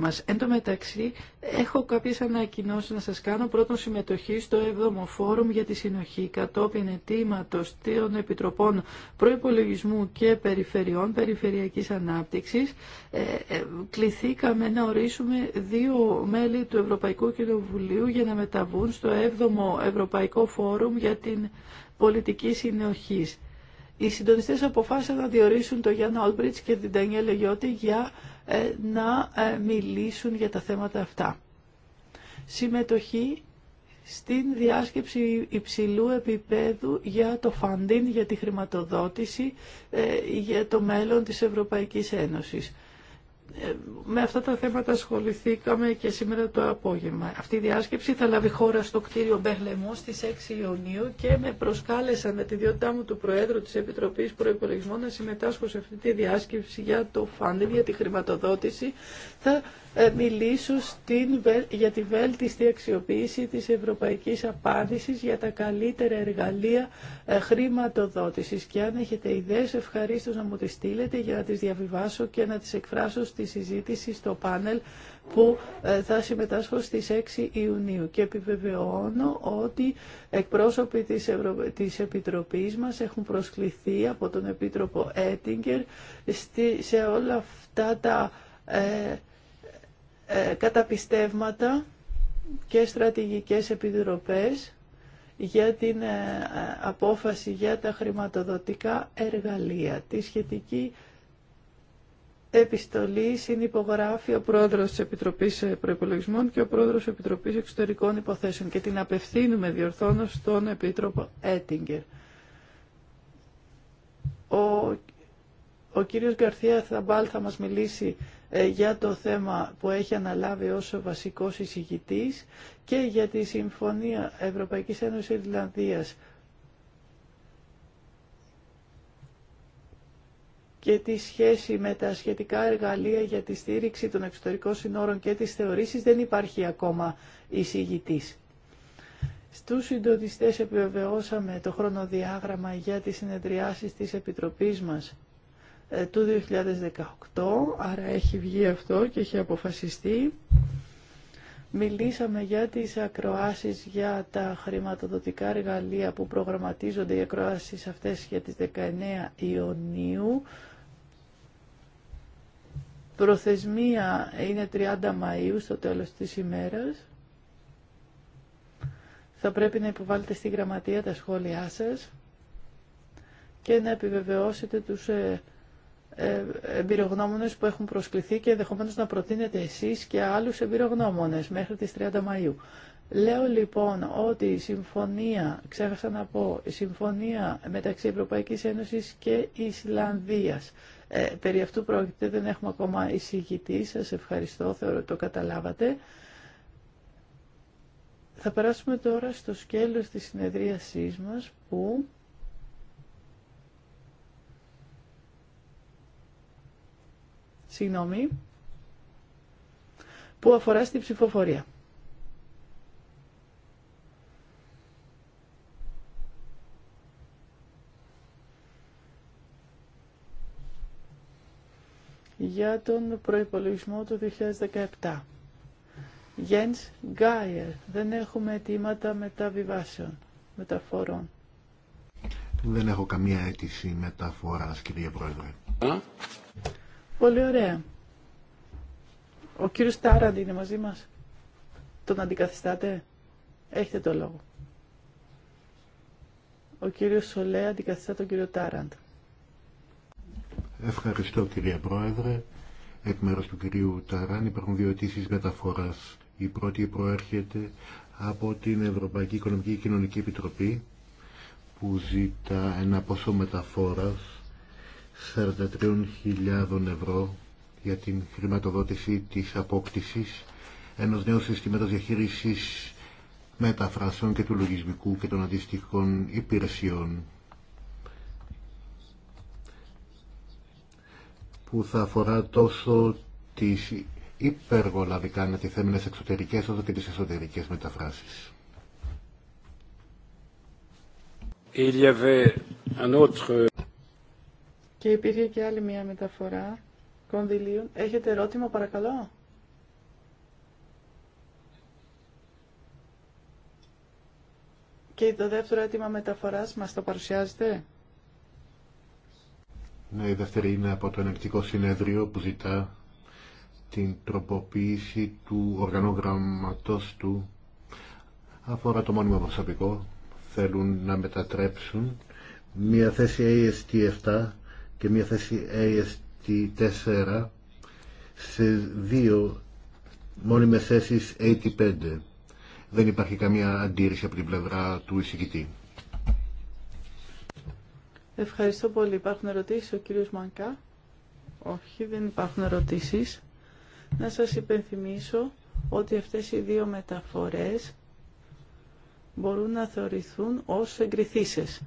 Μας. Εν τω μεταξύ, έχω κάποιες ανακοινώσεις να σας κάνω. Πρώτον, συμμετοχή στο 7ο Φόρουμ για τη Συνοχή κατόπιν ετήματος των Επιτροπών Προϋπολογισμού και Περιφερειών Περιφερειακής Ανάπτυξης. Ε, ε, κληθήκαμε να ορίσουμε δύο μέλη του Ευρωπαϊκού Κοινοβουλίου για να μεταβούν στο 7ο Ευρωπαϊκό Φόρουμ για την πολιτική συνοχής οι συντονιστές αποφάσισαν να διορίσουν τον Γιάννα Όλμπριτς και την Ντανιέλ Λεγιώτη για ε, να ε, μιλήσουν για τα θέματα αυτά. Συμμετοχή στην διάσκεψη υψηλού επίπεδου για το φαντίν για τη χρηματοδότηση, ε, για το μέλλον της Ευρωπαϊκής Ένωσης με αυτά τα θέματα ασχοληθήκαμε και σήμερα το απόγευμα. Αυτή η διάσκεψη θα λάβει χώρα στο κτίριο Μπεχλεμό στι 6 Ιουνίου και με προσκάλεσαν με τη ιδιότητά μου του Προέδρου τη Επιτροπή Προϋπολογισμών να συμμετάσχω σε αυτή τη διάσκεψη για το funding, για τη χρηματοδότηση. Θα ε, μιλήσω στην, για τη βέλτιστη αξιοποίηση τη Ευρωπαϊκή απάντηση για τα καλύτερα εργαλεία ε, χρηματοδότηση. Και αν έχετε ιδέε, ευχαρίστω να μου τι στείλετε για να τι διαβιβάσω και να τι εκφράσω στη συζήτηση στο πάνελ που ε, θα συμμετάσχω στις 6 Ιουνίου και επιβεβαιώνω ότι εκπρόσωποι της, Ευρω... της Επιτροπής μας έχουν προσκληθεί από τον Επίτροπο Έτιγκερ στη... σε όλα αυτά τα ε, ε, καταπιστεύματα και στρατηγικές επιτροπές για την απόφαση για τα χρηματοδοτικά εργαλεία, τη σχετική επιστολή συνυπογράφει ο πρόεδρο τη Επιτροπής Προπολογισμών και ο πρόεδρο τη Επιτροπής Εξωτερικών Υποθέσεων και την απευθύνουμε διορθώνω στον Επίτροπο Έτιγκερ. Ο, ο κύριος Γκαρθία Θαμπάλ θα μας μιλήσει ε, για το θέμα που έχει αναλάβει ως βασικό βασικός και για τη Συμφωνία Ευρωπαϊκής Ένωσης Ιρλανδίας και τη σχέση με τα σχετικά εργαλεία για τη στήριξη των εξωτερικών συνόρων και τις θεωρήσεις δεν υπάρχει ακόμα εισηγητής. Στους συντονιστές επιβεβαιώσαμε το χρονοδιάγραμμα για τις συνεδριάσεις της Επιτροπής μας ε, του 2018, άρα έχει βγει αυτό και έχει αποφασιστεί. Μιλήσαμε για τις ακροάσεις για τα χρηματοδοτικά εργαλεία που προγραμματίζονται οι ακροάσεις αυτές για τις 19 Ιουνίου. Προθεσμία είναι 30 Μαΐου στο τέλος της ημέρας. Θα πρέπει να υποβάλλετε στη γραμματεία τα σχόλιά σας και να επιβεβαιώσετε τους ε, ε, εμπειρογνώμονες που έχουν προσκληθεί και ενδεχομένω να προτείνετε εσείς και άλλους εμπειρογνώμονες μέχρι τις 30 Μαΐου. Λέω λοιπόν ότι η συμφωνία, ξέχασα να πω, η συμφωνία μεταξύ Ευρωπαϊκής Ένωσης και Ισλανδίας ε, περί αυτού πρόκειται, δεν έχουμε ακόμα εισηγητή. Σας ευχαριστώ, θεωρώ το καταλάβατε. Θα περάσουμε τώρα στο σκέλος της συνεδρίασής μας που συγγνώμη, που αφορά στην ψηφοφορία. για τον προϋπολογισμό του 2017. Γένς Γκάιερ. Δεν έχουμε αιτήματα μεταβιβάσεων, μεταφορών. Δεν έχω καμία αίτηση μεταφοράς, κύριε Πρόεδρε. Πολύ ωραία. Ο κύριος Τάραντ είναι μαζί μας. Τον αντικαθιστάτε. Έχετε το λόγο. Ο κύριος Σολέ αντικαθιστά τον κύριο Τάραντ. Ευχαριστώ κυρία Πρόεδρε. Εκ μέρους του κυρίου Ταράν υπάρχουν δύο αιτήσει μεταφοράς. Η πρώτη προέρχεται από την Ευρωπαϊκή Οικονομική και Κοινωνική Επιτροπή που ζητά ένα ποσό μεταφόρας 43.000 ευρώ για την χρηματοδότηση της απόκτησης ενός νέου συστήματος διαχείρισης μεταφράσεων και του λογισμικού και των αντίστοιχων υπηρεσιών που θα αφορά τόσο τις υπεργολαβικά ανατιθέμενες εξωτερικές όσο και τις εσωτερικές μεταφράσεις. Και υπήρχε και άλλη μια μεταφορά κονδυλίων. Έχετε ερώτημα παρακαλώ. Και το δεύτερο αίτημα μεταφοράς μας το παρουσιάζετε. Ναι, η δεύτερη είναι από το ενεκτικό συνέδριο που ζητά την τροποποίηση του οργανόγραμματος του αφορά το μόνιμο προσωπικό. Θέλουν να μετατρέψουν μία θέση AST7 και μία θέση AST4 σε δύο μόνιμες θέσεις AT5. Δεν υπάρχει καμία αντίρρηση από την πλευρά του εισηγητή. Ευχαριστώ πολύ. Υπάρχουν ερωτήσεις, ο κύριος Μανκά. Όχι, δεν υπάρχουν ερωτήσεις. Να σας υπενθυμίσω ότι αυτές οι δύο μεταφορές μπορούν να θεωρηθούν ως εγκριθήσεις.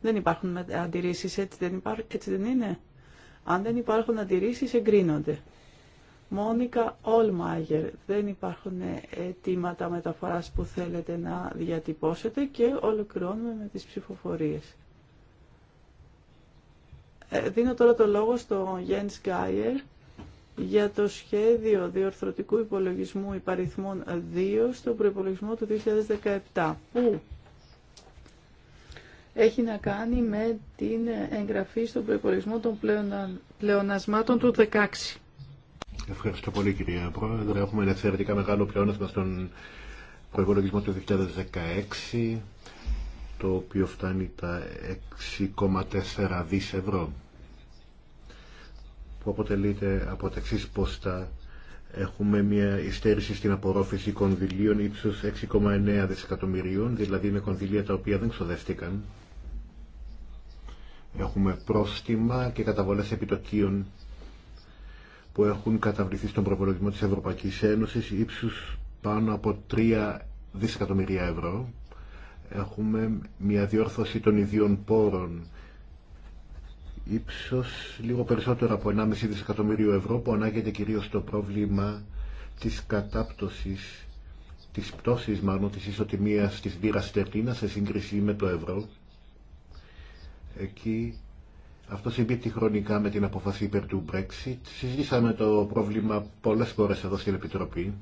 Δεν υπάρχουν αντιρρήσεις, έτσι δεν, υπάρχουν, έτσι δεν είναι. Αν δεν υπάρχουν αντιρρήσεις, εγκρίνονται. Μόνικα Όλμαγερ, δεν υπάρχουν αιτήματα μεταφοράς που θέλετε να διατυπώσετε και ολοκληρώνουμε με τις ψηφοφορίες. Ε, δίνω τώρα το λόγο στο Γιάννη Γκάιερ για το σχέδιο διορθωτικού υπολογισμού υπαριθμών 2 στον προϋπολογισμό του 2017 που έχει να κάνει με την εγγραφή στον προϋπολογισμό των πλεονασμάτων του 16. Ευχαριστώ πολύ κυρία Πρόεδρε. Έχουμε ένα εξαιρετικά μεγάλο πλεονάσμα στον προϋπολογισμό του 2016 το οποίο φτάνει τα 6,4 δις ευρώ που αποτελείται από τα εξής πόστα έχουμε μια υστέρηση στην απορρόφηση κονδυλίων ύψους 6,9 δισεκατομμυρίων δηλαδή είναι κονδυλία τα οποία δεν ξοδεύτηκαν έχουμε πρόστιμα και καταβολές επιτοκίων που έχουν καταβληθεί στον προπολογισμό της Ευρωπαϊκής Ένωσης ύψους πάνω από 3 δισεκατομμυρία ευρώ Έχουμε μια διόρθωση των ιδίων πόρων ύψος λίγο περισσότερο από 1,5 δισεκατομμύριο ευρώ που ανάγεται κυρίως στο πρόβλημα της κατάπτωσης, της πτώσης μάλλον της ισοτιμίας της μπύρας τερτίνας... σε σύγκριση με το ευρώ. Εκεί αυτό συμπίπτει χρονικά με την αποφάση υπέρ του Brexit. Συζήτησαμε το πρόβλημα πολλές φορές εδώ στην Επιτροπή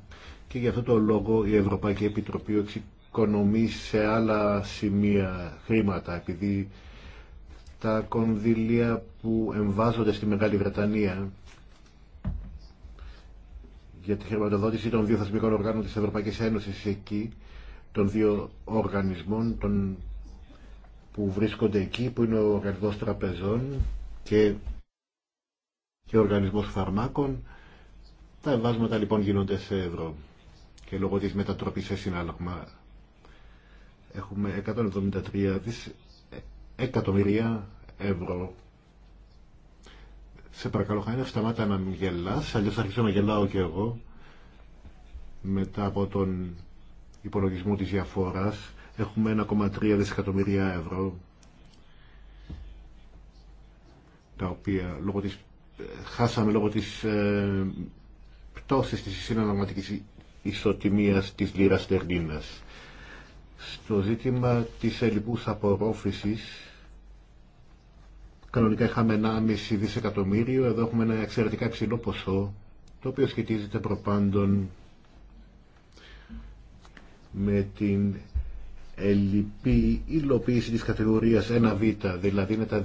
και για αυτό το λόγο η Ευρωπαϊκή Επιτροπή σε άλλα σημεία χρήματα επειδή τα κονδύλια που εμβάζονται στη Μεγάλη Βρετανία για τη χρηματοδότηση των δύο θεσμικών οργάνων της Ευρωπαϊκής Ένωσης εκεί, των δύο οργανισμών των που βρίσκονται εκεί, που είναι ο Οργανισμός Τραπεζών και, και ο Οργανισμός Φαρμάκων. Τα εμβάσματα λοιπόν γίνονται σε ευρώ και λόγω της μετατροπής σε συνάλλαγμα Έχουμε 173 δις εκατομμυρία ευρώ. Σε παρακαλώ, Χάινερ, σταμάτα να μην γελάς, αλλιώς θα αρχίσω να γελάω και εγώ. Μετά από τον υπολογισμό της διαφόρας, έχουμε 1,3 δισεκατομμυρία ευρώ, τα οποία λόγω της, χάσαμε λόγω της ε, πτώσης της συναλλαγματικής ισοτιμίας της λίρας τερνίνας. Στο ζήτημα της ελληπούς απορρόφησης, κανονικά είχαμε 1,5 δισεκατομμύριο, εδώ έχουμε ένα εξαιρετικά υψηλό ποσό, το οποίο σχετίζεται προπάντων με την ελληπή υλοποίηση της κατηγορίας 1β, δηλαδή είναι τα,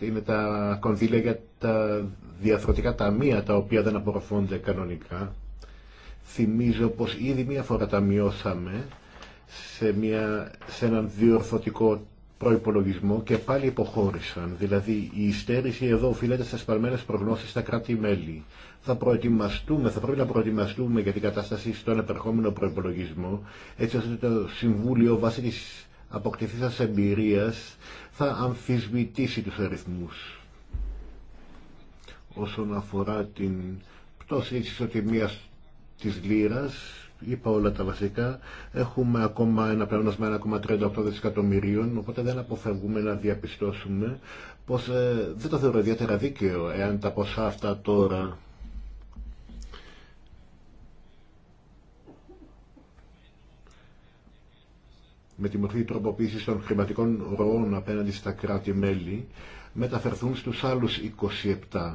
είναι τα κονδύλια για τα διαφορετικά ταμεία τα οποία δεν απορροφώνται κανονικά. Θυμίζω πως ήδη μία φορά τα μειώσαμε σε, μια, σε έναν διορθωτικό προϋπολογισμό και πάλι υποχώρησαν. Δηλαδή η υστέρηση εδώ οφείλεται στις σπαρμένες προγνώσεις στα κράτη-μέλη. Θα προετοιμαστούμε, θα πρέπει να προετοιμαστούμε για την κατάσταση στον επερχόμενο προϋπολογισμό, έτσι ώστε το Συμβούλιο βάσει της αποκτηθήσας εμπειρίας θα αμφισβητήσει τους αριθμούς. Όσον αφορά την πτώση της ισοτιμίας της λύρας, είπα όλα τα βασικά. Έχουμε ακόμα ένα πλεόνασμα 1,38 δισεκατομμυρίων, οπότε δεν αποφεύγουμε να διαπιστώσουμε πως ε, δεν το θεωρώ ιδιαίτερα δίκαιο εάν τα ποσά αυτά τώρα με τη μορφή τροποποίησης των χρηματικών ροών απέναντι στα κράτη-μέλη μεταφερθούν στους άλλους 27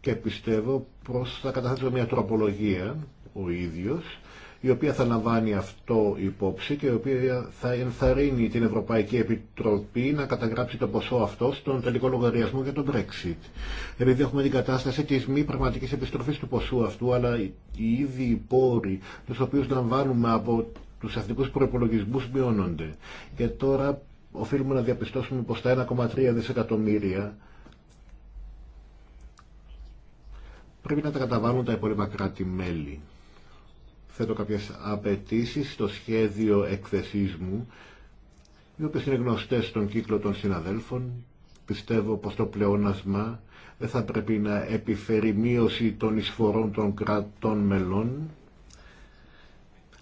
και πιστεύω πως θα καταθέσω μια τροπολογία ο ίδιος η οποία θα λαμβάνει αυτό υπόψη και η οποία θα ενθαρρύνει την Ευρωπαϊκή Επιτροπή να καταγράψει το ποσό αυτό στον τελικό λογαριασμό για τον Brexit. Επειδή έχουμε την κατάσταση τη μη πραγματική επιστροφή του ποσού αυτού, αλλά οι ίδιοι πόροι του οποίου λαμβάνουμε από του εθνικού προπολογισμού μειώνονται. Και τώρα οφείλουμε να διαπιστώσουμε πω τα 1,3 δισεκατομμύρια πρέπει να τα καταβάλουν τα υπόλοιπα κράτη-μέλη θέτω κάποιες απαιτήσεις στο σχέδιο εκθεσής μου, οι οποίες είναι γνωστές στον κύκλο των συναδέλφων. Πιστεύω πως το πλεόνασμα δεν θα πρέπει να επιφέρει μείωση των εισφορών των κρατών μελών,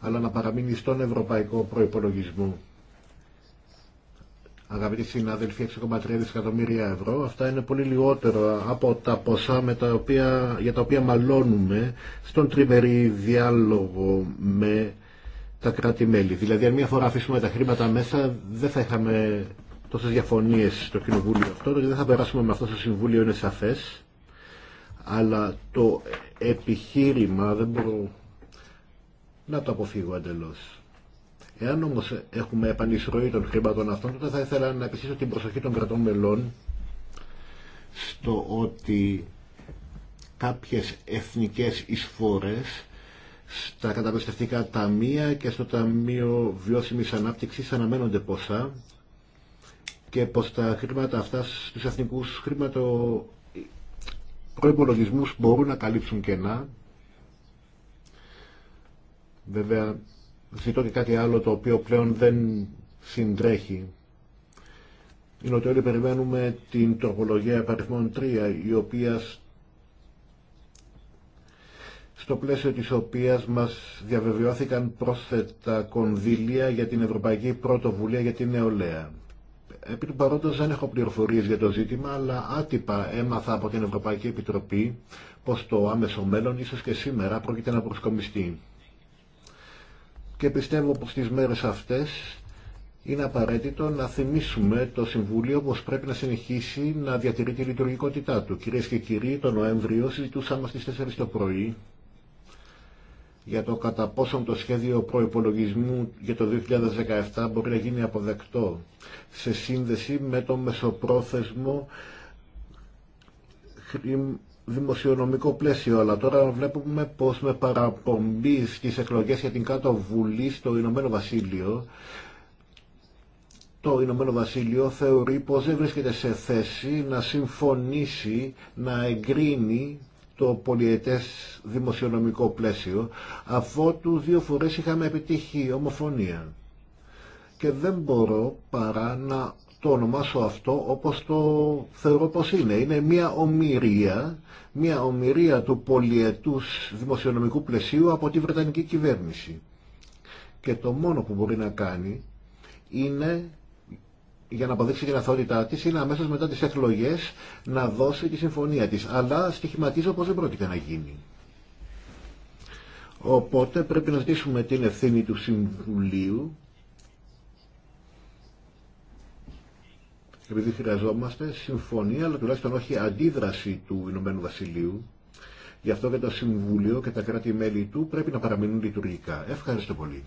αλλά να παραμείνει στον ευρωπαϊκό προϋπολογισμό. Αγαπητοί συνάδελφοι, 6,3 δισεκατομμύρια ευρώ, αυτά είναι πολύ λιγότερο από τα ποσά με τα οποία, για τα οποία μαλώνουμε στον τριμερή διάλογο με τα κράτη-μέλη. Δηλαδή, αν μία φορά αφήσουμε τα χρήματα μέσα, δεν θα είχαμε τόσε διαφωνίε στο Κοινοβούλιο αυτό, δηλαδή δεν θα περάσουμε με αυτό το Συμβούλιο, είναι σαφέ. Αλλά το επιχείρημα δεν μπορώ να το αποφύγω εντελώ. Εάν όμω έχουμε επανεισρωή των χρήματων αυτών, τότε θα ήθελα να επιστήσω την προσοχή των κρατών μελών στο ότι κάποιες εθνικές εισφορές στα καταπιστευτικά ταμεία και στο Ταμείο Βιώσιμης Ανάπτυξης αναμένονται ποσά και πως τα χρήματα αυτά στους εθνικούς χρήματο προϋπολογισμούς μπορούν να καλύψουν κενά. Βέβαια ζητώ και κάτι άλλο το οποίο πλέον δεν συντρέχει. Είναι ότι όλοι περιμένουμε την τροπολογία επαριθμών 3, η οποία στο πλαίσιο της οποίας μας διαβεβαιώθηκαν πρόσθετα κονδύλια για την Ευρωπαϊκή Πρωτοβουλία για την Νεολαία. Επί του παρόντος δεν έχω πληροφορίες για το ζήτημα, αλλά άτυπα έμαθα από την Ευρωπαϊκή Επιτροπή πως το άμεσο μέλλον, ίσως και σήμερα, πρόκειται να προσκομιστεί και πιστεύω πως στις μέρες αυτές είναι απαραίτητο να θυμίσουμε το Συμβούλιο πως πρέπει να συνεχίσει να διατηρεί τη λειτουργικότητά του. Κυρίες και κύριοι, το Νοέμβριο συζητούσαμε στις 4 το πρωί για το κατά πόσον το σχέδιο προϋπολογισμού για το 2017 μπορεί να γίνει αποδεκτό σε σύνδεση με το μεσοπρόθεσμο δημοσιονομικό πλαίσιο, αλλά τώρα βλέπουμε πως με παραπομπή στις εκλογές για την κάτω βουλή στο Ηνωμένο Βασίλειο, το Ηνωμένο Βασίλειο θεωρεί πως δεν βρίσκεται σε θέση να συμφωνήσει, να εγκρίνει το πολιετές δημοσιονομικό πλαίσιο, αφότου δύο φορές είχαμε επιτύχει ομοφωνία. Και δεν μπορώ παρά να το ονομάσω αυτό όπως το θεωρώ πως είναι. Είναι μια ομοιρία, μια ομοιρία του πολιετούς δημοσιονομικού πλαισίου από τη Βρετανική κυβέρνηση. Και το μόνο που μπορεί να κάνει είναι για να αποδείξει την αθότητά τη είναι αμέσω μετά τι εκλογέ να δώσει τη συμφωνία τη. Αλλά στοιχηματίζω πω δεν πρόκειται να γίνει. Οπότε πρέπει να ζητήσουμε την ευθύνη του Συμβουλίου επειδή χρειαζόμαστε συμφωνία, αλλά τουλάχιστον όχι αντίδραση του Ηνωμένου Βασιλείου. Γι' αυτό και το Συμβούλιο και τα κράτη-μέλη του πρέπει να παραμείνουν λειτουργικά. Ευχαριστώ πολύ.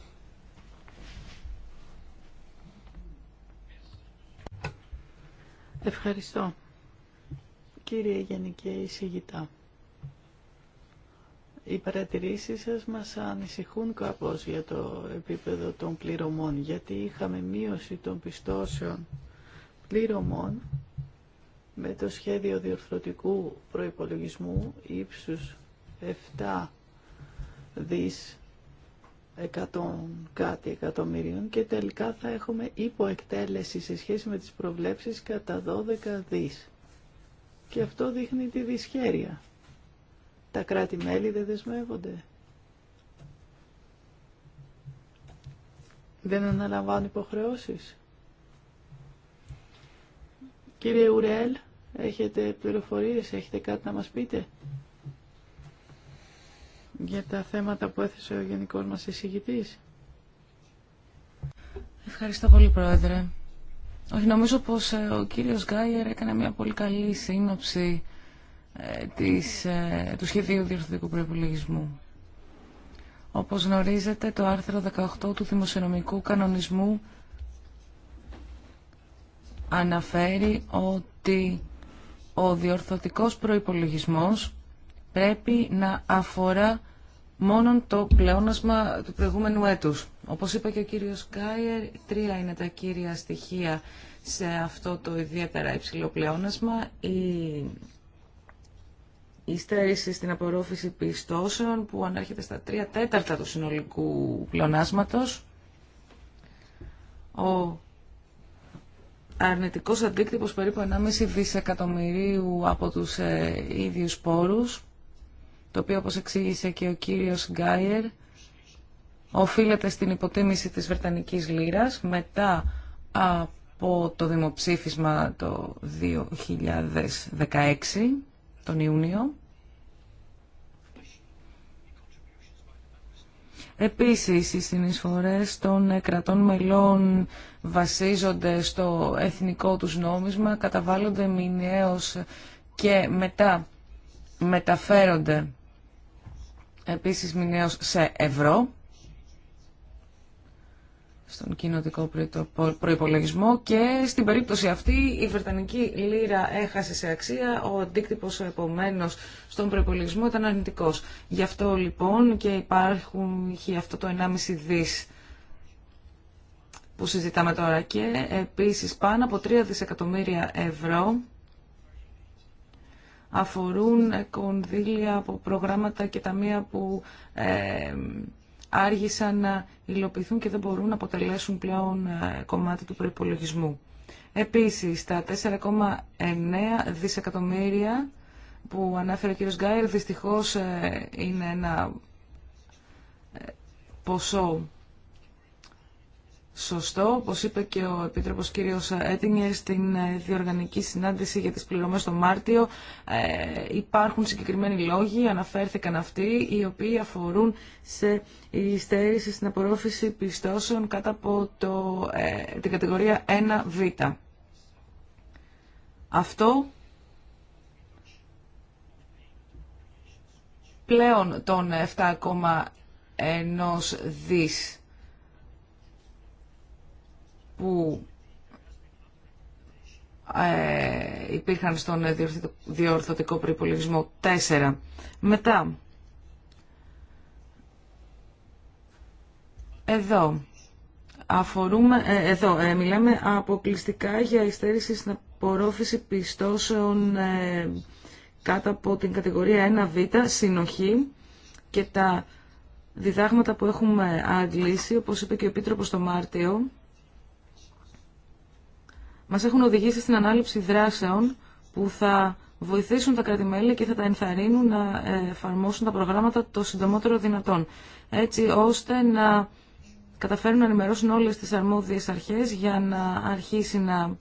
Ευχαριστώ. Κύριε Γενική Εισηγητά, οι παρατηρήσεις σας μας ανησυχούν κάπως για το επίπεδο των πληρωμών, γιατί είχαμε μείωση των πιστώσεων πληρωμών με το σχέδιο διορθωτικού προϋπολογισμού ύψους 7 δις 100 κάτι εκατομμυρίων και τελικά θα έχουμε υποεκτέλεση σε σχέση με τις προβλέψεις κατά 12 δις. Και αυτό δείχνει τη δυσχέρεια. Τα κράτη-μέλη δεν δεσμεύονται. Δεν αναλαμβάνουν υποχρεώσεις. Κύριε Ουρέλ, έχετε πληροφορίες, έχετε κάτι να μας πείτε για τα θέματα που έθεσε ο Γενικός μας εισηγητής. Ευχαριστώ πολύ, Πρόεδρε. Όχι, νομίζω πως ε, ο κύριος Γκάιερ έκανε μια πολύ καλή σύνοψη ε, της, ε, του σχεδίου διορθωτικού προπολογισμού. Όπως γνωρίζετε, το άρθρο 18 του Δημοσιονομικού Κανονισμού αναφέρει ότι ο διορθωτικός προϋπολογισμός πρέπει να αφορά μόνο το πλεόνασμα του προηγούμενου έτους. Όπως είπε και ο κύριος Κάιερ, τρία είναι τα κύρια στοιχεία σε αυτό το ιδιαίτερα υψηλό πλεόνασμα. Η η στέρηση στην απορρόφηση πιστώσεων που ανέρχεται στα τρία τέταρτα του συνολικού πλεονάσματος, ο αρνητικός αντίκτυπος περίπου 1,5 δισεκατομμυρίου από τους ε, ίδιους πόρους, το οποίο όπως εξήγησε και ο κύριος Γκάιερ, οφείλεται στην υποτίμηση της Βρετανικής Λύρας μετά από το δημοψήφισμα το 2016, τον Ιούνιο, Επίσης, οι συνεισφορές των κρατών μελών βασίζονται στο εθνικό τους νόμισμα, καταβάλλονται μηνιαίως και μετά μεταφέρονται επίσης μηνιαίως σε ευρώ στον κοινοτικό προϋπολογισμό και στην περίπτωση αυτή η Βρετανική λίρα έχασε σε αξία, ο αντίκτυπος επομένως στον προϋπολογισμό ήταν αρνητικός. Γι' αυτό λοιπόν και υπάρχουν αυτό το 1,5 δις που συζητάμε τώρα και επίσης πάνω από 3 δισεκατομμύρια ευρώ αφορούν κονδύλια από προγράμματα και ταμεία που ε, άργησαν να υλοποιηθούν και δεν μπορούν να αποτελέσουν πλέον ε, κομμάτι του προϋπολογισμού. Επίσης, τα 4,9 δισεκατομμύρια που ανάφερε ο κ. Γκάιρ δυστυχώς ε, είναι ένα ε, ποσό σωστό, όπως είπε και ο επίτροπο κ. Έτινγκερ στην ε, διοργανική συνάντηση για τις πληρωμές το Μάρτιο. Ε, υπάρχουν συγκεκριμένοι λόγοι, αναφέρθηκαν αυτοί, οι οποίοι αφορούν σε η στην απορρόφηση πιστώσεων κάτω από το, ε, την κατηγορία 1β. Αυτό πλέον των 7,1 δις που ε, υπήρχαν στον διορθωτικό προϋπολογισμό 4. Μετά, εδώ, αφορούμε, ε, εδώ ε, μιλάμε αποκλειστικά για ειστέρηση στην απορρόφηση πιστώσεων ε, κάτω από την κατηγορία 1β, συνοχή και τα διδάγματα που έχουμε αγγλίσει, όπως είπε και ο Επίτροπος το Μάρτιο, μας έχουν οδηγήσει στην ανάληψη δράσεων που θα βοηθήσουν τα κράτη-μέλη και θα τα ενθαρρύνουν να εφαρμόσουν τα προγράμματα το συντομότερο δυνατόν, έτσι ώστε να καταφέρουν να ενημερώσουν όλες τις αρμόδιες αρχές για να, αρχίσει να,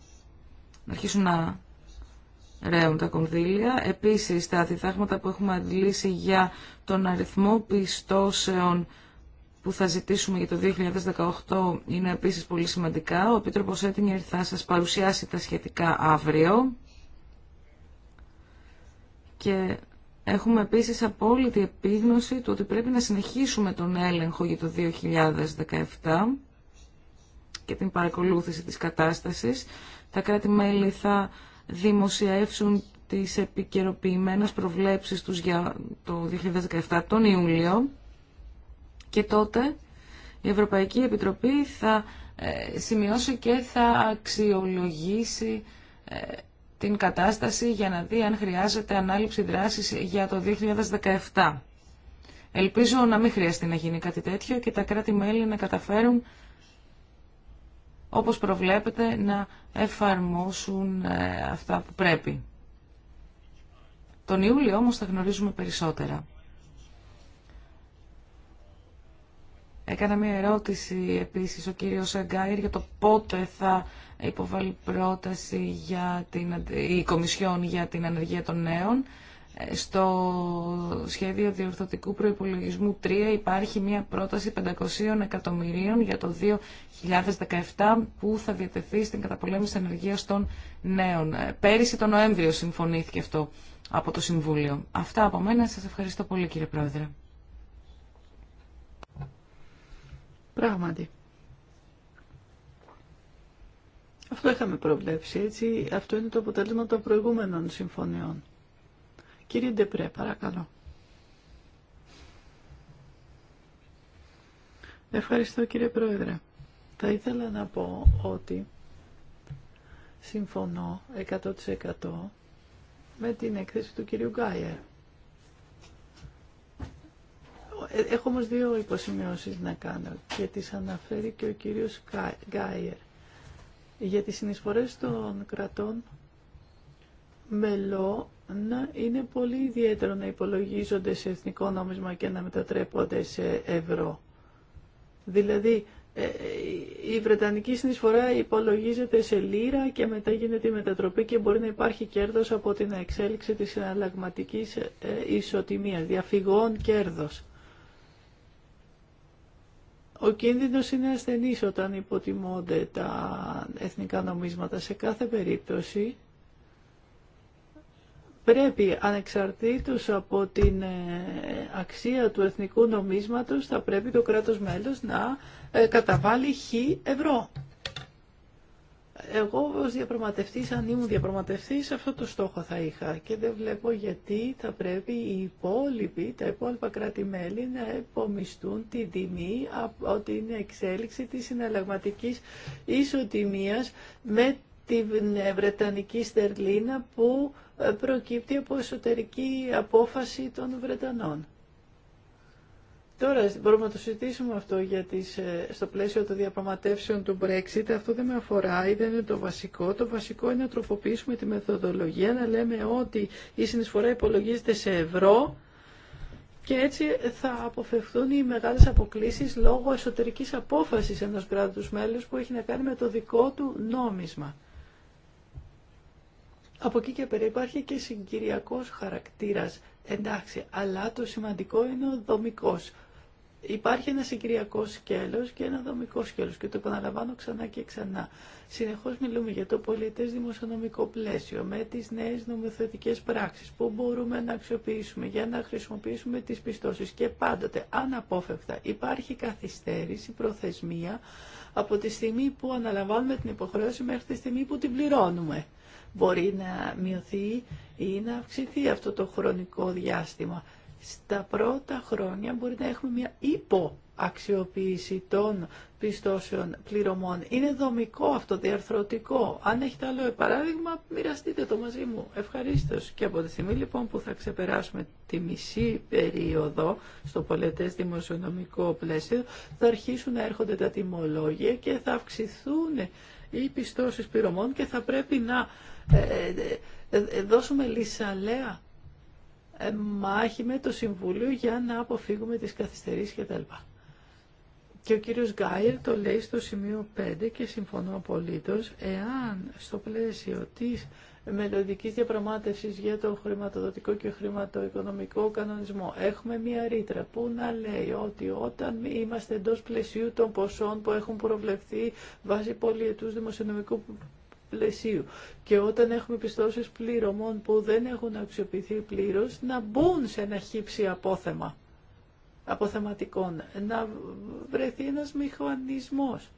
αρχίσουν να ρέουν τα κονδύλια. Επίσης, τα διδάγματα που έχουμε αντλήσει για τον αριθμό πιστώσεων που θα ζητήσουμε για το 2018 είναι επίσης πολύ σημαντικά. Ο Επίτροπος Έτινιερ θα σας παρουσιάσει τα σχετικά αύριο. Και έχουμε επίσης απόλυτη επίγνωση του ότι πρέπει να συνεχίσουμε τον έλεγχο για το 2017 και την παρακολούθηση της κατάστασης. Τα κράτη-μέλη θα δημοσιεύσουν τις επικαιροποιημένες προβλέψεις τους για το 2017 τον Ιούλιο και τότε η Ευρωπαϊκή Επιτροπή θα ε, σημειώσει και θα αξιολογήσει ε, την κατάσταση για να δει αν χρειάζεται ανάληψη δράσης για το 2017. Ελπίζω να μην χρειαστεί να γίνει κάτι τέτοιο και τα κράτη-μέλη να καταφέρουν, όπως προβλέπετε, να εφαρμόσουν ε, αυτά που πρέπει. Τον Ιούλιο όμως θα γνωρίζουμε περισσότερα. Έκανα μια ερώτηση επίσης ο κύριος Αγκάιρ για το πότε θα υποβάλει πρόταση για την, η Κομισιόν για την Ανεργία των Νέων. Ε, στο σχέδιο διορθωτικού προϋπολογισμού 3 υπάρχει μια πρόταση 500 εκατομμυρίων για το 2017 που θα διατεθεί στην καταπολέμηση της ανεργίας των νέων. Ε, πέρυσι τον Νοέμβριο συμφωνήθηκε αυτό από το Συμβούλιο. Αυτά από μένα. Σας ευχαριστώ πολύ κύριε Πρόεδρε. Πράγματι. Αυτό είχαμε προβλέψει, έτσι. Αυτό είναι το αποτέλεσμα των προηγούμενων συμφωνιών. Κύριε Ντεπρέ, παρακαλώ. Ευχαριστώ κύριε Πρόεδρε. Θα ήθελα να πω ότι συμφωνώ 100% με την έκθεση του κυρίου Γκάιερ. Ε, έχω όμως δύο υποσημειώσεις να κάνω και τις αναφέρει και ο κύριος Γκάιερ για τις συνεισφορές των κρατών μελών να είναι πολύ ιδιαίτερο να υπολογίζονται σε εθνικό νόμισμα και να μετατρέπονται σε ευρώ. Δηλαδή, ε, ε, η Βρετανική συνεισφορά υπολογίζεται σε λίρα και μετά γίνεται η μετατροπή και μπορεί να υπάρχει κέρδος από την εξέλιξη της συναλλαγματικής ισοτιμίας, διαφυγών κέρδος. Ο κίνδυνος είναι ασθενής όταν υποτιμώνται τα εθνικά νομίσματα. Σε κάθε περίπτωση πρέπει ανεξαρτήτως από την ε, αξία του εθνικού νομίσματος θα πρέπει το κράτος μέλος να ε, καταβάλει χι ευρώ. Εγώ ως διαπραγματευτής, αν ήμουν διαπραγματευτής, αυτό το στόχο θα είχα και δεν βλέπω γιατί θα πρέπει οι υπόλοιποι, τα υπόλοιπα κράτη-μέλη να επομιστούν την τιμή από την εξέλιξη της συναλλαγματικής ισοτιμίας με την Βρετανική Στερλίνα που ε, προκύπτει από εσωτερική απόφαση των Βρετανών. Τώρα μπορούμε να το συζητήσουμε αυτό για ε, στο πλαίσιο των διαπραγματεύσεων του Brexit. Αυτό δεν με αφορά ή δεν είναι το βασικό. Το βασικό είναι να τροποποιήσουμε τη μεθοδολογία, να λέμε ότι η συνεισφορά υπολογίζεται σε ευρώ και έτσι θα αποφευθούν οι μεγάλες αποκλήσεις λόγω εσωτερικής απόφασης ενός κράτους μέλους που έχει να κάνει με το δικό του νόμισμα. Από εκεί και πέρα υπάρχει και συγκυριακός χαρακτήρας Εντάξει, αλλά το σημαντικό είναι ο δομικός. Υπάρχει ένα συγκυριακό σκέλος και ένα δομικό σκέλος και το επαναλαμβάνω ξανά και ξανά. Συνεχώς μιλούμε για το πολιτές δημοσιονομικό πλαίσιο με τις νέες νομοθετικές πράξεις που μπορούμε να αξιοποιήσουμε για να χρησιμοποιήσουμε τις πιστώσεις και πάντοτε αναπόφευκτα υπάρχει καθυστέρηση, προθεσμία από τη στιγμή που αναλαμβάνουμε την υποχρέωση μέχρι τη στιγμή που την πληρώνουμε. Μπορεί να μειωθεί ή να αυξηθεί αυτό το χρονικό διάστημα στα πρώτα χρόνια μπορεί να έχουμε μια υποαξιοποίηση των πιστώσεων πληρωμών. Είναι δομικό αυτό, διαρθρωτικό. Αν έχετε άλλο παράδειγμα, μοιραστείτε το μαζί μου. Ευχαρίστω. Και από τη στιγμή λοιπόν που θα ξεπεράσουμε τη μισή περίοδο στο πολιτέ δημοσιονομικό πλαίσιο, θα αρχίσουν να έρχονται τα τιμολόγια και θα αυξηθούν οι πιστώσεις πληρωμών και θα πρέπει να ε, ε, ε, δώσουμε λυσαλέα μάχη με το Συμβούλιο για να αποφύγουμε τις καθυστερήσεις κτλ. Και ο κύριος Γκάιρ το λέει στο σημείο 5 και συμφωνώ απολύτως, εάν στο πλαίσιο της μελλοντική διαπραγμάτευση για το χρηματοδοτικό και χρηματοοικονομικό κανονισμό. Έχουμε μία ρήτρα που να λέει ότι όταν είμαστε εντό πλαισίου των ποσών που έχουν προβλεφθεί βάσει πολιετού δημοσιονομικού πλαισίου. Και όταν έχουμε πιστώσεις πληρωμών που δεν έχουν αξιοποιηθεί πλήρως, να μπουν σε ένα χύψη απόθεμα αποθεματικών, να βρεθεί ένας μηχανισμός.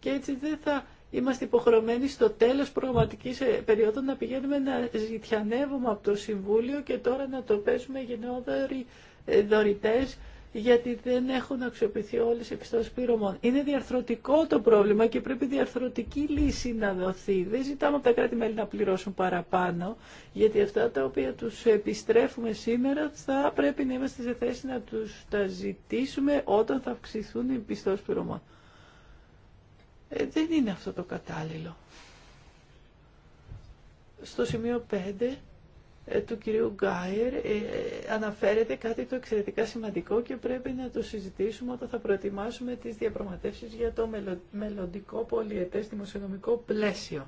Και έτσι δεν θα είμαστε υποχρεωμένοι στο τέλος προγραμματικής περίοδου να πηγαίνουμε να ζητιανεύουμε από το Συμβούλιο και τώρα να το πέσουμε γενναιόδοροι ε, δωρητές γιατί δεν έχουν αξιοποιηθεί όλες οι πιστώσεις πληρωμών. Είναι διαρθρωτικό το πρόβλημα και πρέπει διαρθρωτική λύση να δοθεί. Δεν ζητάμε από τα κράτη-μέλη να πληρώσουν παραπάνω, γιατί αυτά τα οποία τους επιστρέφουμε σήμερα θα πρέπει να είμαστε σε θέση να τους τα ζητήσουμε όταν θα αυξηθούν οι πιστώσεις πληρωμών. Ε, δεν είναι αυτό το κατάλληλο. Στο σημείο 5 ε, του κυρίου Γκάιερ ε, αναφέρεται κάτι το εξαιρετικά σημαντικό και πρέπει να το συζητήσουμε όταν θα προετοιμάσουμε τις διαπραγματεύσεις για το μελλοντικό πολιετές δημοσιονομικό πλαίσιο.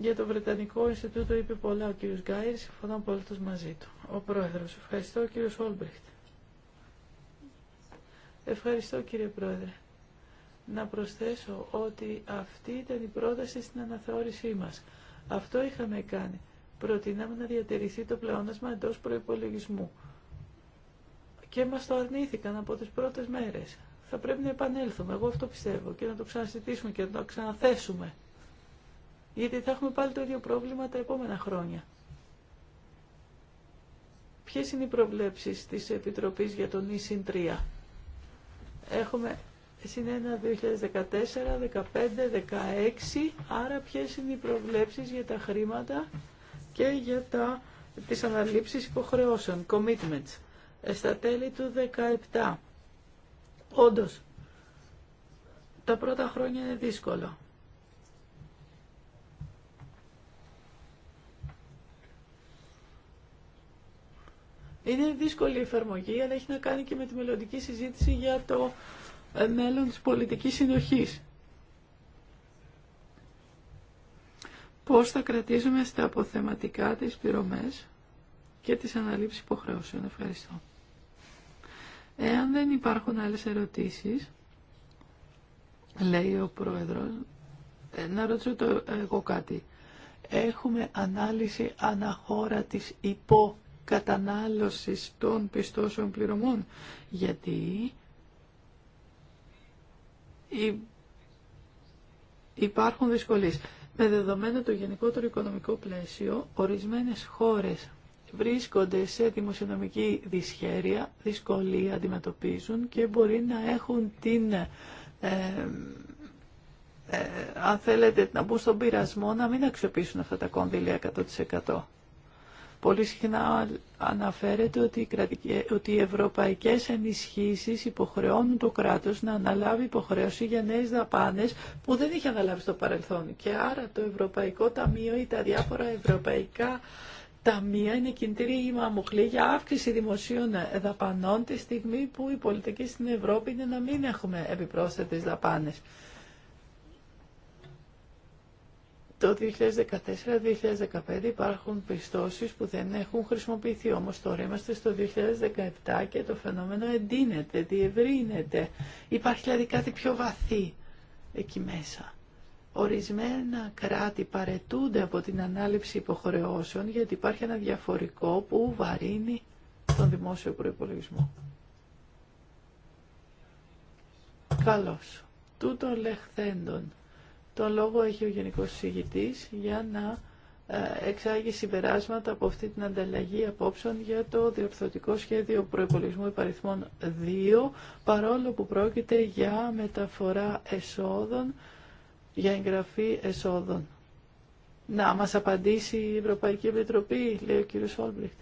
Για το Βρετανικό Ινστιτούτο είπε πολλά ο κύριος Γκάιερ, συμφωνώ τους μαζί του. Ο πρόεδρος. Ευχαριστώ κύριο Όλμπριχτ. Ευχαριστώ κύριε πρόεδρε. Να προσθέσω ότι αυτή ήταν η πρόταση στην αναθεώρησή μας. Αυτό είχαμε κάνει. Προτείναμε να διατηρηθεί το πλεόνασμα εντό προπολογισμού. Και μα το αρνήθηκαν από τι πρώτε μέρε. Θα πρέπει να επανέλθουμε. Εγώ αυτό πιστεύω και να το ξαναζητήσουμε και να το ξαναθέσουμε. Γιατί θα έχουμε πάλι το ίδιο πρόβλημα τα επόμενα χρόνια. Ποιε είναι οι προβλέψει τη Επιτροπή για τον ΙΣΥΝ 3. Έχουμε ένα 2014, 15, 16. Άρα ποιες είναι οι προβλέψεις για τα χρήματα και για τα, τις αναλήψεις υποχρεώσεων, commitments. Ε, στα τέλη του 17. Όντως, τα πρώτα χρόνια είναι δύσκολο. Είναι δύσκολη η εφαρμογή, αλλά έχει να κάνει και με τη μελλοντική συζήτηση για το μέλλον της πολιτικής συνοχής. Πώς θα κρατήσουμε στα αποθεματικά της πληρωμές και τις αναλήψεις υποχρεώσεων. Ευχαριστώ. Εάν δεν υπάρχουν άλλες ερωτήσεις, λέει ο Πρόεδρος, ε, να ρωτήσω το εγώ κάτι. Έχουμε ανάλυση αναχώρα της υποκατανάλωσης των πιστώσεων πληρωμών, γιατί υπάρχουν δυσκολίες. Με δεδομένο το γενικότερο οικονομικό πλαίσιο, ορισμένες χώρες βρίσκονται σε δημοσιονομική δυσχέρεια, δυσκολία αντιμετωπίζουν και μπορεί να έχουν την, ε, αν θέλετε, να μπουν στον πειρασμό να μην αξιοποιήσουν αυτά τα κονδύλια 100%. Πολύ συχνά αναφέρεται ότι οι, ότι ευρωπαϊκές ενισχύσεις υποχρεώνουν το κράτος να αναλάβει υποχρέωση για νέες δαπάνες που δεν είχε αναλάβει στο παρελθόν. Και άρα το Ευρωπαϊκό Ταμείο ή τα διάφορα ευρωπαϊκά ταμεία είναι κινητήρια ή για αύξηση δημοσίων δαπανών τη στιγμή που η πολιτική στην Ευρώπη είναι να μην έχουμε επιπρόσθετες δαπάνες. Το 2014-2015 υπάρχουν πιστώσεις που δεν έχουν χρησιμοποιηθεί, όμως τώρα είμαστε στο 2017 και το φαινόμενο εντείνεται, διευρύνεται. Υπάρχει δηλαδή κάτι πιο βαθύ εκεί μέσα. Ορισμένα κράτη παρετούνται από την ανάληψη υποχρεώσεων γιατί υπάρχει ένα διαφορικό που βαρύνει τον δημόσιο προϋπολογισμό. Καλώς. τούτο λεχθέντον. Τον λόγο έχει ο Γενικός Συγητής για να ε, εξάγει συμπεράσματα από αυτή την ανταλλαγή απόψεων για το διορθωτικό σχέδιο προϋπολογισμού υπαριθμών 2, παρόλο που πρόκειται για μεταφορά εσόδων, για εγγραφή εσόδων. Να μας απαντήσει η Ευρωπαϊκή Επιτροπή, λέει ο κύριος Όλμπριχτ,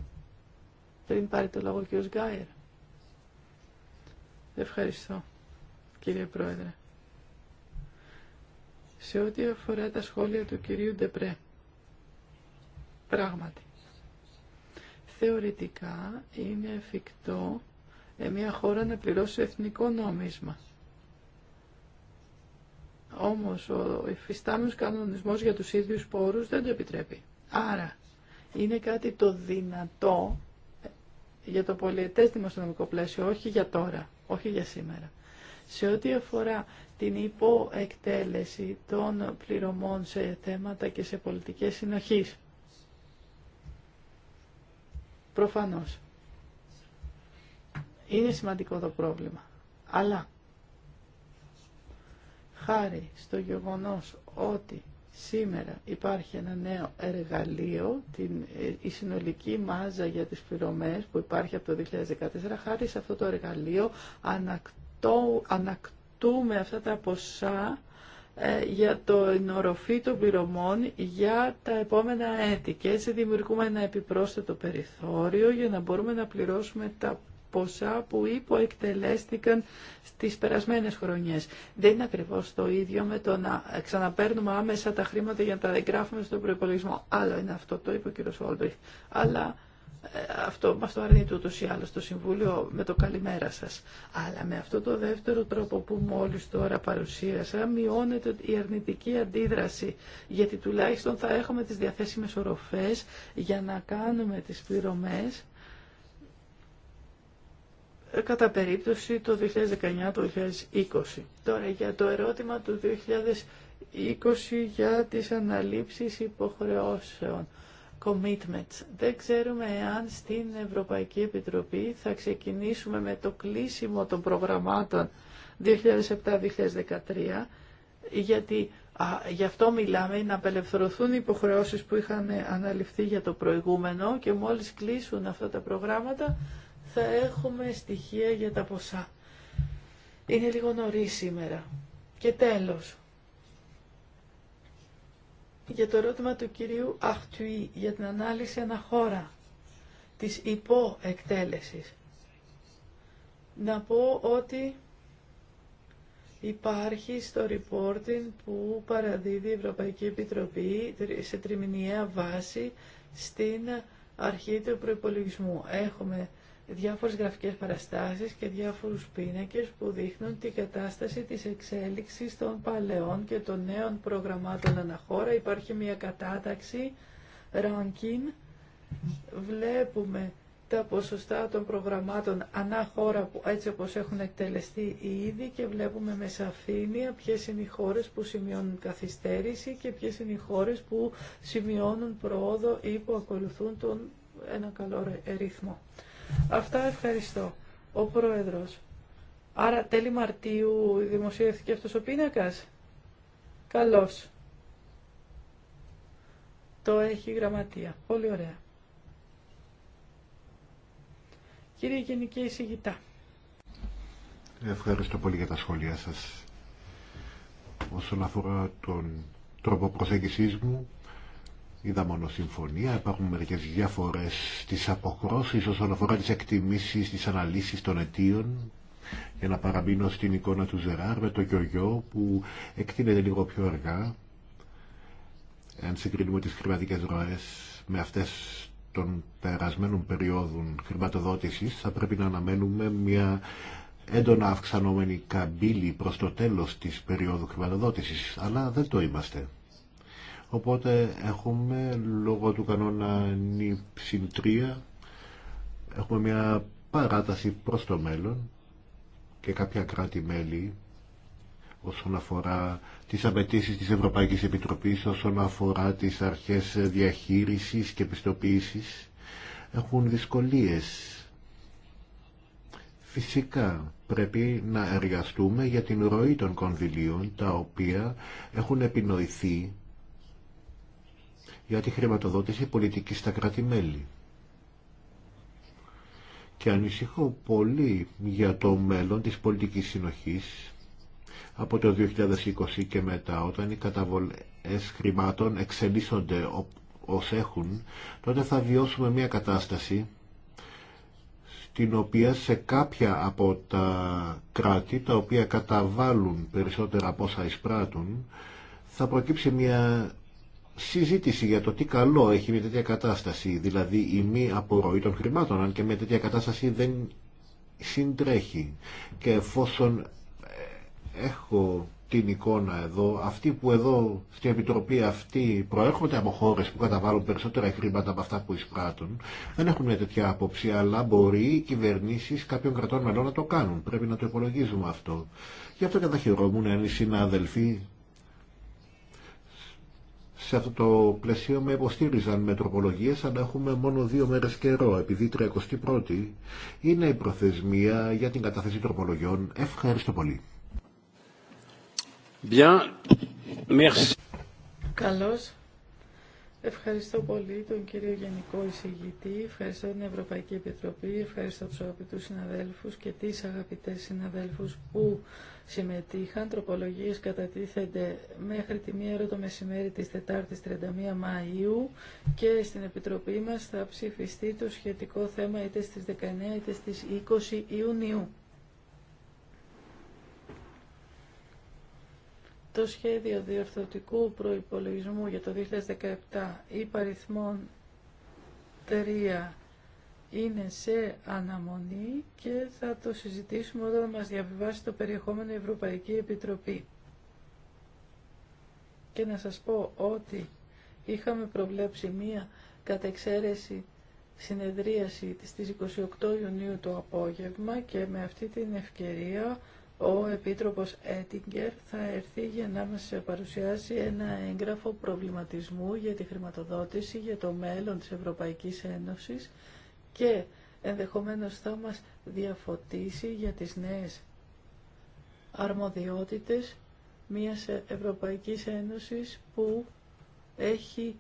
πριν πάρει το λόγο ο κ. Γκάιερ. Ευχαριστώ, κύριε Πρόεδρε σε ό,τι αφορά τα σχόλια του κυρίου Ντεπρέ. Πράγματι, θεωρητικά είναι εφικτό ε, μια χώρα να πληρώσει εθνικό νόμισμα. Όμως ο υφιστάμενος κανονισμός για τους ίδιους πόρους δεν το επιτρέπει. Άρα είναι κάτι το δυνατό για το πολιετές δημοσιονομικό πλαίσιο, όχι για τώρα, όχι για σήμερα. Σε ό,τι αφορά την υποεκτέλεση των πληρωμών σε θέματα και σε πολιτικές συνοχής. Προφανώς. Είναι σημαντικό το πρόβλημα. Αλλά, χάρη στο γεγονός ότι σήμερα υπάρχει ένα νέο εργαλείο, την, η συνολική μάζα για τις πληρωμές που υπάρχει από το 2014, χάρη σε αυτό το εργαλείο ανακτώ το ανακτούμε αυτά τα ποσά ε, για το ενοροφή των πληρωμών για τα επόμενα έτη και έτσι δημιουργούμε ένα επιπρόσθετο περιθώριο για να μπορούμε να πληρώσουμε τα ποσά που υποεκτελέστηκαν στις περασμένες χρονιές. Δεν είναι ακριβώς το ίδιο με το να ξαναπαίρνουμε άμεσα τα χρήματα για να τα εγγράφουμε στον προϋπολογισμό. Άλλο είναι αυτό, το είπε ο κ. Αλλά αυτό, το αρνείται ούτως ή άλλως το Συμβούλιο με το καλημέρα σας. Αλλά με αυτό το δεύτερο τρόπο που μόλις τώρα παρουσίασα μειώνεται η αρνητική αντίδραση γιατί τουλάχιστον θα έχουμε τις διαθέσιμες οροφές για να κάνουμε τις πληρωμές ε, κατά περίπτωση το 2019-2020. τώρα για το ερώτημα του 2020 για τις αναλήψεις υποχρεώσεων commitments. Δεν ξέρουμε εάν στην Ευρωπαϊκή Επιτροπή θα ξεκινήσουμε με το κλείσιμο των προγραμμάτων 2007-2013, γιατί γι' αυτό μιλάμε, να απελευθερωθούν οι υποχρεώσεις που είχαν αναλυφθεί για το προηγούμενο και μόλις κλείσουν αυτά τα προγράμματα θα έχουμε στοιχεία για τα ποσά. Είναι λίγο νωρίς σήμερα. Και τέλος για το ερώτημα του κυρίου Αχτουή για την ανάλυση αναχώρα της υποεκτέλεσης. Να πω ότι υπάρχει στο reporting που παραδίδει η Ευρωπαϊκή Επιτροπή σε τριμηνιαία βάση στην αρχή του προϋπολογισμού. Έχουμε διάφορες γραφικές παραστάσεις και διάφορους πίνακες που δείχνουν την κατάσταση της εξέλιξης των παλαιών και των νέων προγραμμάτων αναχώρα. Υπάρχει μια κατάταξη, ranking, βλέπουμε τα ποσοστά των προγραμμάτων αναχώρα που έτσι όπως έχουν εκτελεστεί ήδη και βλέπουμε με σαφήνεια ποιες είναι οι χώρες που σημειώνουν καθυστέρηση και ποιες είναι οι χώρες που σημειώνουν προόδο ή που ακολουθούν τον ένα καλό ρυθμό. Αυτά ευχαριστώ. Ο Πρόεδρος. Άρα τέλη Μαρτίου δημοσιεύθηκε αυτός ο πίνακας. Καλώς. Το έχει η γραμματεία. Πολύ ωραία. Κύριε Γενική Εισηγητά. Ευχαριστώ πολύ για τα σχόλια σας. Όσον αφορά τον τρόπο προσέγγισής μου, είδα μόνο συμφωνία, υπάρχουν μερικές διαφορές στις αποχρώσεις όσον αφορά τις εκτιμήσεις, τις αναλύσεις των αιτίων για να παραμείνω στην εικόνα του Ζεράρ με το γιογιό που εκτείνεται λίγο πιο αργά αν συγκρίνουμε τις χρηματικές ροές με αυτές των περασμένων περιόδων χρηματοδότησης θα πρέπει να αναμένουμε μια έντονα αυξανόμενη καμπύλη προς το τέλος της περίοδου χρηματοδότησης αλλά δεν το είμαστε Οπότε έχουμε λόγω του κανόνα νυψιντρία 3 έχουμε μια παράταση προς το μέλλον και κάποια κράτη-μέλη όσον αφορά τις απαιτήσει της Ευρωπαϊκής Επιτροπής, όσον αφορά τις αρχές διαχείρισης και πιστοποίησης, έχουν δυσκολίες. Φυσικά πρέπει να εργαστούμε για την ροή των κονδυλίων, τα οποία έχουν επινοηθεί για τη χρηματοδότηση πολιτικής στα κράτη-μέλη. Και ανησυχώ πολύ για το μέλλον της πολιτικής συνοχής από το 2020 και μετά, όταν οι καταβολές χρημάτων εξελίσσονται ως έχουν, τότε θα βιώσουμε μια κατάσταση στην οποία σε κάποια από τα κράτη, τα οποία καταβάλουν περισσότερα από όσα εισπράττουν, θα προκύψει μια συζήτηση για το τι καλό έχει μια τέτοια κατάσταση, δηλαδή η μη απορροή των χρημάτων, αν και μια τέτοια κατάσταση δεν συντρέχει. Και εφόσον ε, έχω την εικόνα εδώ, αυτοί που εδώ στην Επιτροπή αυτή προέρχονται από χώρε που καταβάλουν περισσότερα χρήματα από αυτά που εισπράττουν, δεν έχουν μια τέτοια άποψη, αλλά μπορεί οι κυβερνήσει κάποιων κρατών μελών να το κάνουν. Πρέπει να το υπολογίζουμε αυτό. Γι' αυτό και θα χαιρόμουν αν οι συνάδελφοι σε αυτό το πλαίσιο με υποστήριζαν με τροπολογίε, αλλά έχουμε μόνο δύο μέρες καιρό επειδή 31η είναι η προθεσμία για την κατάθεση τροπολογιών. Ευχαριστώ πολύ. Bien. Merci. Ευχαριστώ πολύ τον κύριο Γενικό Εισηγητή, ευχαριστώ την Ευρωπαϊκή Επιτροπή, ευχαριστώ τους αγαπητούς συναδέλφους και τις αγαπητές συναδέλφους που συμμετείχαν. Τροπολογίες κατατίθενται μέχρι τη μία ώρα το μεσημέρι της 4ης 31 Μαΐου και στην Επιτροπή μας θα ψηφιστεί το σχετικό θέμα είτε στις 19 είτε στις 20 Ιουνίου. Το σχέδιο διορθωτικού προϋπολογισμού για το 2017 υπαριθμών 3 είναι σε αναμονή και θα το συζητήσουμε όταν μας διαβιβάσει το περιεχόμενο η Ευρωπαϊκή Επιτροπή. Και να σας πω ότι είχαμε προβλέψει μία κατεξαίρεση συνεδρίαση της 28 Ιουνίου το απόγευμα και με αυτή την ευκαιρία ο Επίτροπος Έτιγκερ θα έρθει για να μας παρουσιάσει ένα έγγραφο προβληματισμού για τη χρηματοδότηση, για το μέλλον της Ευρωπαϊκής Ένωσης και ενδεχομένως θα μας διαφωτίσει για τις νέες αρμοδιότητες μιας Ευρωπαϊκής Ένωσης που έχει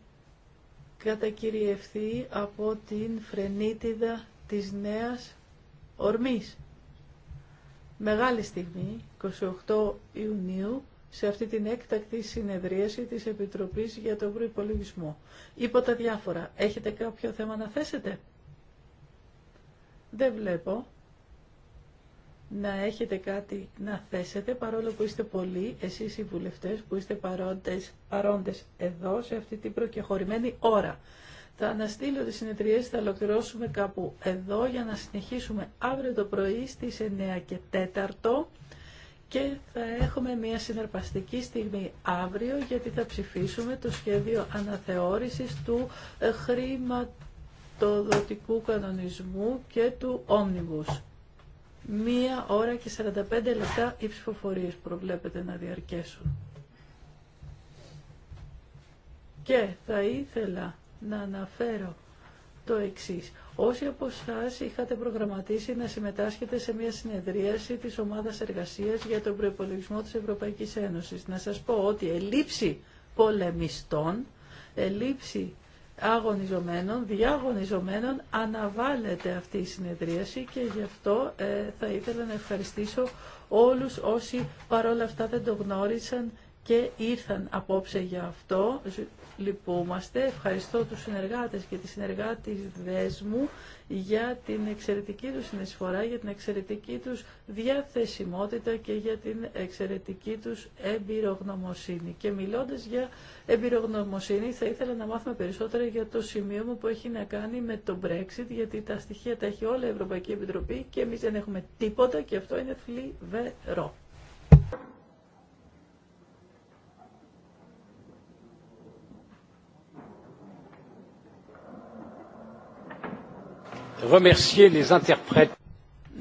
κατακυριευθεί από την φρενίτιδα της νέας ορμής. Μεγάλη στιγμή, 28 Ιουνίου, σε αυτή την έκτακτη συνεδρίαση της Επιτροπής για τον Προϋπολογισμό. Είπα τα διάφορα. Έχετε κάποιο θέμα να θέσετε? Δεν βλέπω να έχετε κάτι να θέσετε, παρόλο που είστε πολλοί, εσείς οι βουλευτές που είστε παρόντες, παρόντες εδώ σε αυτή την προκεχωρημένη ώρα. Θα αναστείλω τις συνεδριές, θα ολοκληρώσουμε κάπου εδώ για να συνεχίσουμε αύριο το πρωί στις 9 και 4 και θα έχουμε μια συναρπαστική στιγμή αύριο γιατί θα ψηφίσουμε το σχέδιο αναθεώρησης του χρηματοδοτικού κανονισμού και του όμνιμους. Μία ώρα και 45 λεπτά οι ψηφοφορίες προβλέπεται να διαρκέσουν. Και θα ήθελα να αναφέρω το εξής. Όσοι από εσά είχατε προγραμματίσει να συμμετάσχετε σε μια συνεδρίαση της ομάδας εργασίας για τον προπολογισμό της Ευρωπαϊκής Ένωσης, να σας πω ότι ελήψη πολεμιστών, ελήψη αγωνιζομένων, διαγωνιζομένων, αναβάλλεται αυτή η συνεδρίαση και γι' αυτό ε, θα ήθελα να ευχαριστήσω όλους όσοι παρόλα αυτά δεν το γνώρισαν και ήρθαν απόψε για αυτό λυπούμαστε. Ευχαριστώ τους συνεργάτες και τις συνεργάτες μου για την εξαιρετική τους συνεισφορά, για την εξαιρετική τους διαθεσιμότητα και για την εξαιρετική τους εμπειρογνωμοσύνη. Και μιλώντας για εμπειρογνωμοσύνη θα ήθελα να μάθουμε περισσότερα για το σημείο μου που έχει να κάνει με το Brexit, γιατί τα στοιχεία τα έχει όλα η Ευρωπαϊκή Επιτροπή και εμείς δεν έχουμε τίποτα και αυτό είναι θλιβερό.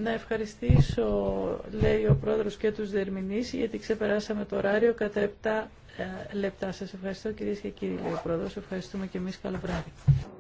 Να ευχαριστήσω, λέει ο πρόεδρος και τους δερμηνείς, γιατί ξεπεράσαμε το ωράριο κατά 7 ε, λεπτά. Σας ευχαριστώ κυρίες και κύριοι, λέει ο πρόεδρος. Ευχαριστούμε και εμείς. Καλό βράδυ.